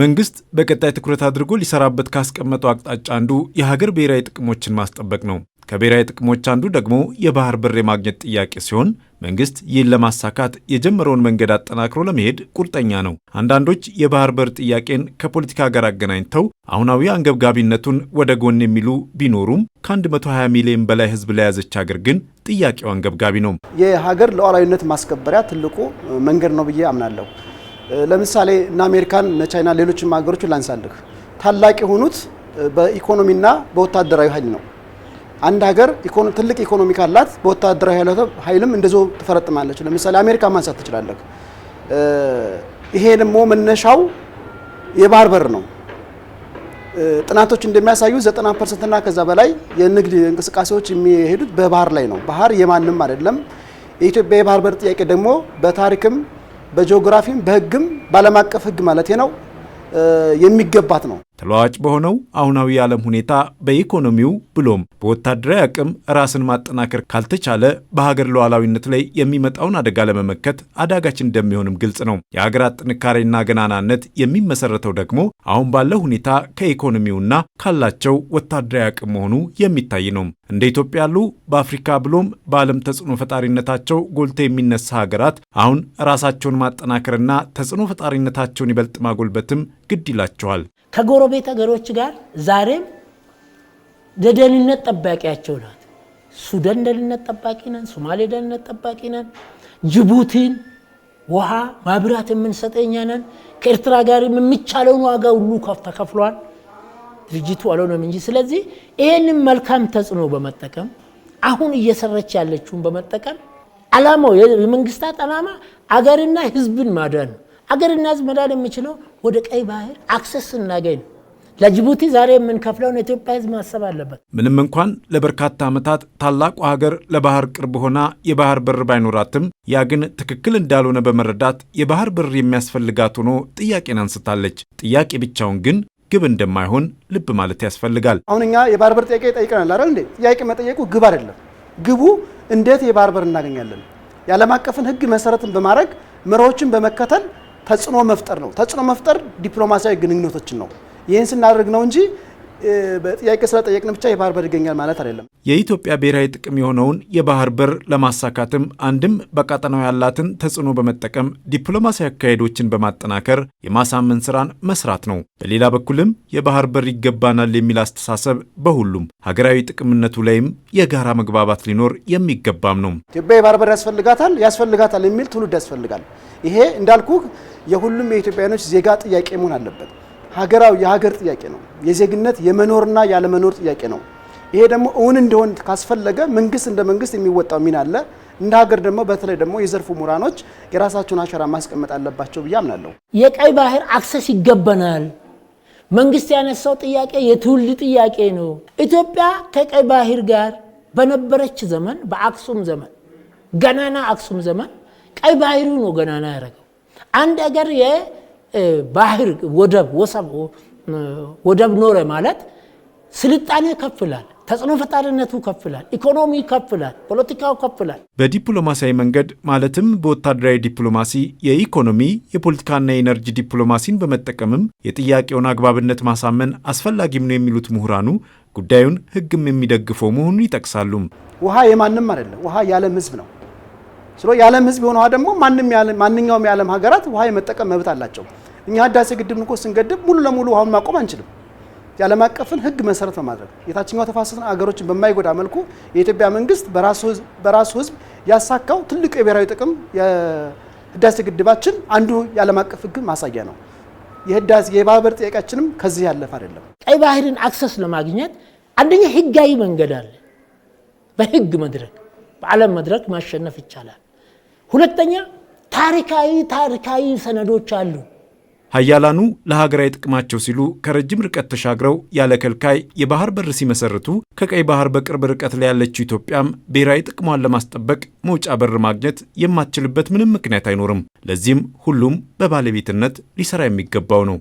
መንግስት በቀጣይ ትኩረት አድርጎ ሊሰራበት ካስቀመጠው አቅጣጫ አንዱ የሀገር ብሔራዊ ጥቅሞችን ማስጠበቅ ነው። ከብሔራዊ ጥቅሞች አንዱ ደግሞ የባህር በር የማግኘት ጥያቄ ሲሆን መንግስት ይህን ለማሳካት የጀመረውን መንገድ አጠናክሮ ለመሄድ ቁርጠኛ ነው። አንዳንዶች የባህር በር ጥያቄን ከፖለቲካ ጋር አገናኝተው አሁናዊ አንገብጋቢነቱን ወደ ጎን የሚሉ ቢኖሩም ከ120 ሚሊዮን በላይ ህዝብ ለያዘች ሀገር ግን ጥያቄው አንገብጋቢ ነው። የሀገር ሉዓላዊነት ማስከበሪያ ትልቁ መንገድ ነው ብዬ አምናለሁ። ለምሳሌ እነ አሜሪካን እነ ቻይና ሌሎችም ሀገሮችን ላንሳልህ። ታላቅ የሆኑት በኢኮኖሚና በወታደራዊ ኃይል ነው። አንድ ሀገር ትልቅ ኢኮኖሚ ካላት በወታደራዊ ኃይልም እንደዚሁ ትፈረጥማለች። ለምሳሌ አሜሪካ ማንሳት ትችላለህ። ይሄ ደግሞ መነሻው የባህር በር ነው። ጥናቶች እንደሚያሳዩ 90 ፐርሰንት እና ከዛ በላይ የንግድ እንቅስቃሴዎች የሚሄዱት በባህር ላይ ነው። ባህር የማንም አይደለም። የኢትዮጵያ የባህር በር ጥያቄ ደግሞ በታሪክም በጂኦግራፊም በህግም በዓለም አቀፍ ህግ ማለት ነው የሚገባት ነው። ተለዋጭ በሆነው አሁናዊ የዓለም ሁኔታ በኢኮኖሚው ብሎም በወታደራዊ አቅም ራስን ማጠናከር ካልተቻለ በሀገር ሉዓላዊነት ላይ የሚመጣውን አደጋ ለመመከት አዳጋች እንደሚሆንም ግልጽ ነው። የሀገራት ጥንካሬና ገናናነት የሚመሰረተው ደግሞ አሁን ባለው ሁኔታ ከኢኮኖሚውና ካላቸው ወታደራዊ አቅም መሆኑ የሚታይ ነው። እንደ ኢትዮጵያ ያሉ በአፍሪካ ብሎም በዓለም ተጽዕኖ ፈጣሪነታቸው ጎልቶ የሚነሳ ሀገራት አሁን ራሳቸውን ማጠናከርና ተጽዕኖ ፈጣሪነታቸውን ይበልጥ ማጎልበትም ግድ ይላቸዋል። ከጎረቤት ሀገሮች ጋር ዛሬም ለደህንነት ጠባቂያቸው ናት። ሱዳን ደህንነት ጠባቂ ነን፣ ሶማሌ ደህንነት ጠባቂ ነን፣ ጅቡቲን ውሃ ማብራት የምንሰጠኛ ነን። ከኤርትራ ጋር የሚቻለውን ዋጋ ሁሉ ተከፍሏል ድርጅቱ አልሆነም እንጂ። ስለዚህ ይህንም መልካም ተጽዕኖ በመጠቀም አሁን እየሰረች ያለችውን በመጠቀም አላማው የመንግስታት አላማ አገርና ህዝብን ማዳን ነው። አገርና ህዝብ መዳን የሚችለው ወደ ቀይ ባህር አክሰስ ስናገኝ ነው። ለጅቡቲ ዛሬ የምንከፍለውን ኢትዮጵያ ህዝብ ማሰብ አለበት። ምንም እንኳን ለበርካታ ዓመታት ታላቁ ሀገር ለባህር ቅርብ ሆና የባህር በር ባይኖራትም ያ ግን ትክክል እንዳልሆነ በመረዳት የባህር በር የሚያስፈልጋት ሆኖ ጥያቄን አንስታለች። ጥያቄ ብቻውን ግን ግብ እንደማይሆን ልብ ማለት ያስፈልጋል። አሁን እኛ የባህር በር ጥያቄ ጠይቀናል አይደል እንዴ? ጥያቄ መጠየቁ ግብ አይደለም። ግቡ እንዴት የባህር በር እናገኛለን፣ የዓለም አቀፍን ህግ መሰረትን በማድረግ መርሆችን በመከተል ተጽዕኖ መፍጠር ነው። ተጽዕኖ መፍጠር ዲፕሎማሲያዊ ግንኙነቶችን ነው ይህን ስናደርግ ነው እንጂ በጥያቄ ስለጠየቅን ብቻ የባህር በር ይገኛል ማለት አይደለም። የኢትዮጵያ ብሔራዊ ጥቅም የሆነውን የባህር በር ለማሳካትም አንድም በቀጠናው ያላትን ተጽዕኖ በመጠቀም ዲፕሎማሲያዊ አካሄዶችን በማጠናከር የማሳመን ስራን መስራት ነው። በሌላ በኩልም የባህር በር ይገባናል የሚል አስተሳሰብ በሁሉም ሀገራዊ ጥቅምነቱ ላይም የጋራ መግባባት ሊኖር የሚገባም ነው። ኢትዮጵያ የባህር በር ያስፈልጋታል ያስፈልጋታል የሚል ትውልድ ያስፈልጋል። ይሄ እንዳልኩ የሁሉም የኢትዮጵያውያኖች ዜጋ ጥያቄ መሆን አለበት። ሀገራዊ የሀገር ጥያቄ ነው። የዜግነት የመኖርና ያለመኖር ጥያቄ ነው። ይሄ ደግሞ እውን እንደሆን ካስፈለገ መንግስት እንደ መንግስት የሚወጣው ሚና አለ። እንደ ሀገር ደግሞ በተለይ ደግሞ የዘርፉ ምሁራኖች የራሳቸውን አሻራ ማስቀመጥ አለባቸው ብዬ አምናለሁ። የቀይ ባህር አክሰስ ይገባናል። መንግስት ያነሳው ጥያቄ የትውልድ ጥያቄ ነው። ኢትዮጵያ ከቀይ ባህር ጋር በነበረች ዘመን በአክሱም ዘመን ገናና አክሱም ዘመን ቀይ ባህሩ ነው ገናና ያደረገው። አንድ አገር ባህር ወደብ ወሰብ ወደብ ኖረ ማለት ስልጣኔ ከፍላል፣ ተጽዕኖ ፈጣሪነቱ ከፍላል፣ ኢኮኖሚ ከፍላል፣ ፖለቲካው ከፍላል። በዲፕሎማሲያዊ መንገድ ማለትም በወታደራዊ ዲፕሎማሲ፣ የኢኮኖሚ የፖለቲካና የኤነርጂ ዲፕሎማሲን በመጠቀምም የጥያቄውን አግባብነት ማሳመን አስፈላጊም ነው የሚሉት ምሁራኑ ጉዳዩን ሕግም የሚደግፈው መሆኑን ይጠቅሳሉ። ውሃ የማንም አይደለም። ውሃ የዓለም ሕዝብ ነው። ስለ የዓለም ህዝብ የሆነ ውሃ ደግሞ ማንኛውም የዓለም ሀገራት ውሃ የመጠቀም መብት አላቸው። እኛ ህዳሴ ግድብን እኮ ስንገድብ ሙሉ ለሙሉ ውሃውን ማቆም አንችልም። የዓለም አቀፍን ህግ መሰረት በማድረግ የታችኛው ተፋሰስ ሀገሮችን በማይጎዳ መልኩ የኢትዮጵያ መንግስት በራሱ ህዝብ ያሳካው ትልቁ የብሔራዊ ጥቅም የህዳሴ ግድባችን አንዱ የዓለም አቀፍ ህግ ማሳያ ነው። የህዳሴ የባህር ጥያቄያችንም ከዚህ ያለፈ አይደለም። ቀይ ባህርን አክሰስ ለማግኘት አንደኛ ህጋዊ መንገድ አለ። በህግ መድረክ በዓለም መድረክ ማሸነፍ ይቻላል። ሁለተኛ ታሪካዊ ታሪካዊ ሰነዶች አሉ። ሀያላኑ ለሀገራዊ ጥቅማቸው ሲሉ ከረጅም ርቀት ተሻግረው ያለ ከልካይ የባህር በር ሲመሰርቱ ከቀይ ባህር በቅርብ ርቀት ላይ ያለችው ኢትዮጵያም ብሔራዊ ጥቅሟን ለማስጠበቅ መውጫ በር ማግኘት የማትችልበት ምንም ምክንያት አይኖርም። ለዚህም ሁሉም በባለቤትነት ሊሰራ የሚገባው ነው።